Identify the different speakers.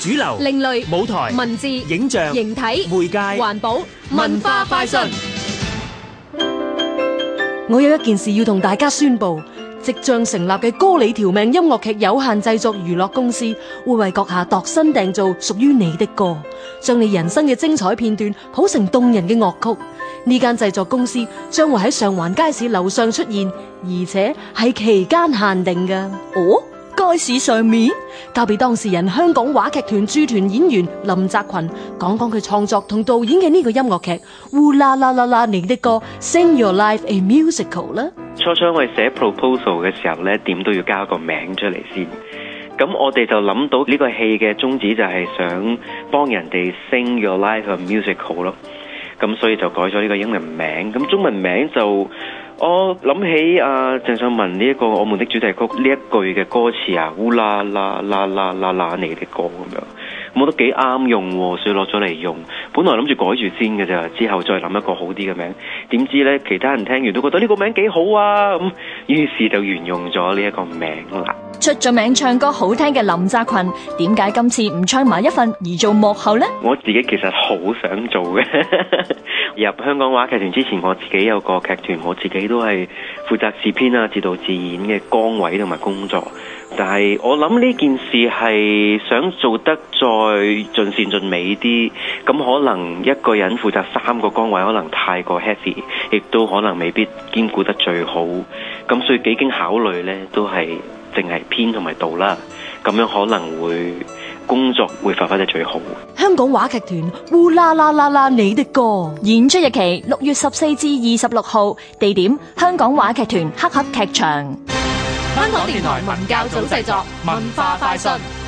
Speaker 1: 主流、另類舞台、文字、影像、形
Speaker 2: 體、媒介、環保、文化快訊。我有一件事要同大家宣布，即將成立嘅歌裏條命音樂劇有限製作娛樂公司，會為閣下度身訂造屬於你的歌，將你人生嘅精彩片段譜成動人嘅樂曲。呢間製作公司將會喺上環街市樓上出現，而且係期間限定嘅。哦。該是上面交俾當事人香港話劇團駐團演員林澤群講講佢創作同導演嘅呢個音樂劇《胡啦啦啦啦》你的歌 Sing Your Life a Musical 啦。
Speaker 1: 初初我哋寫 proposal 嘅時候咧，點都要加個名出嚟先。咁我哋就諗到呢個戲嘅宗旨就係想幫人哋 Sing Your Life a Musical 咯。咁所以就改咗呢個英文名，咁中文名就。我諗起阿鄭秀文呢、這、一個我們的主題曲呢一句嘅歌詞啊，烏啦啦啦啦啦啦你啲歌咁樣，我覺得幾啱用，所以攞咗嚟用。本來諗住改住先嘅咋，之後再諗一個好啲嘅名。點知咧，其他人聽完都覺得呢個名幾好啊，咁於是就沿用咗呢一個名啦。
Speaker 3: 出咗名唱歌好聽嘅林澤群，點解今次唔唱埋一份而做幕後呢？
Speaker 1: 我自己其實好想做嘅。 入香港話劇團之前，我自己有個劇團，我自己都係負責自編啊、自導自演嘅崗位同埋工作。但係我諗呢件事係想做得再盡善盡美啲，咁可能一個人負責三個崗位，可能太過 heavy，亦都可能未必兼顧得最好。咁所以幾經考慮咧，都係，淨係編同埋導啦，咁樣可能會工作會發揮得最好。
Speaker 3: 香港話劇團《烏啦啦啦啦》你的歌，演出日期六月十四至二十六號，地點香港話劇團黑盒劇場。
Speaker 1: 香港電台文教組製作，文化快訊。